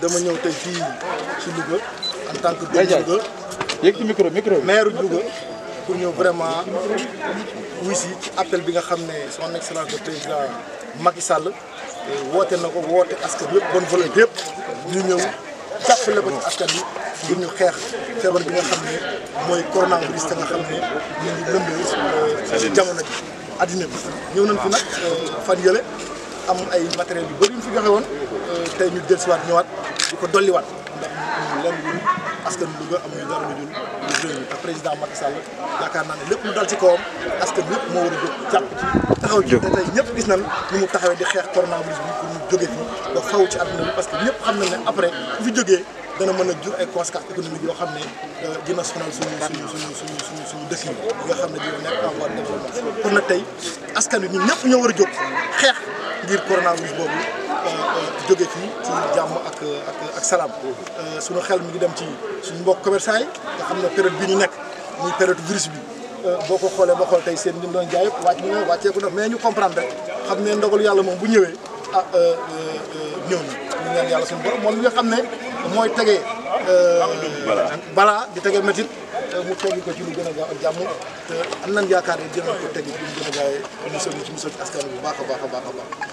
dama ñëw tey fii ci Louga en tant que doomu Louga yéeg ci micro micro maire Louga pour ñëw vraiment wuy si ci appel bi nga xam ne son excellence le président Macky Sall woote na ko woote askan yëpp bon volonté yëpp ñu ñëw jàppale ko ci askan yi ngir ñu xeex feebar bi nga xam ne mooy coronavirus te nga xam ne ñu ngi lëmbee si euh, jamono ji addina bi ñëw nañ fi nag euh, fan yële am ay matériel yu bëri yu ñu fi joxe woon euh, tey ñu dellusiwaat ñëwaat di ko dolliwaat ndax ñu lenn ñun askan bi Louga amuñu dara lu dul lu bëri ndax président Macky Sall yaakaar naa ne lépp lu dal ci koom askan bi mo wara war a ci taxaw ci te tey ñëpp gis nañ ñu mu taxawee di xeex coronavirus bi pour ñu joggé fi ba faw ci aduna parce que ñëpp xam nañ ne après fi joggé dana mën a jur ay conséquences économiques yoo xamné ne euh, dina sonal suñu suñu suñu suñu suñu suñu dëkk yi nga xamné ne dina nekk en voie de développement kon nag tey askan bi ñun ñëpp ñoo war a jóg ngir coronavirus boobu euh, jóge fii ci jàmm ak ak ak salaam euh, suñu xel mi ngi dem ci suñu mbokk commerçant yi nga xam ne période bi ñu nekk muy période virus bi euh, boo ko xoolee ba xool tey seen ñu doon jaay yëpp wàcc na wàcceeku na mais ñu comprendre rek xam ne yàlla moom bu ñëwee ah ñëw na ñu ñaan yàlla suñu borom moom li nga xam ne mooy tegee balaa di tegee métit mu teggi ko ci lu gën a jàmm te am na yaakaar ne dinañ ko teggi ci lu gën a gaawee ñu sëñ ci mu sëñ askan bu baax a baax a baax a baax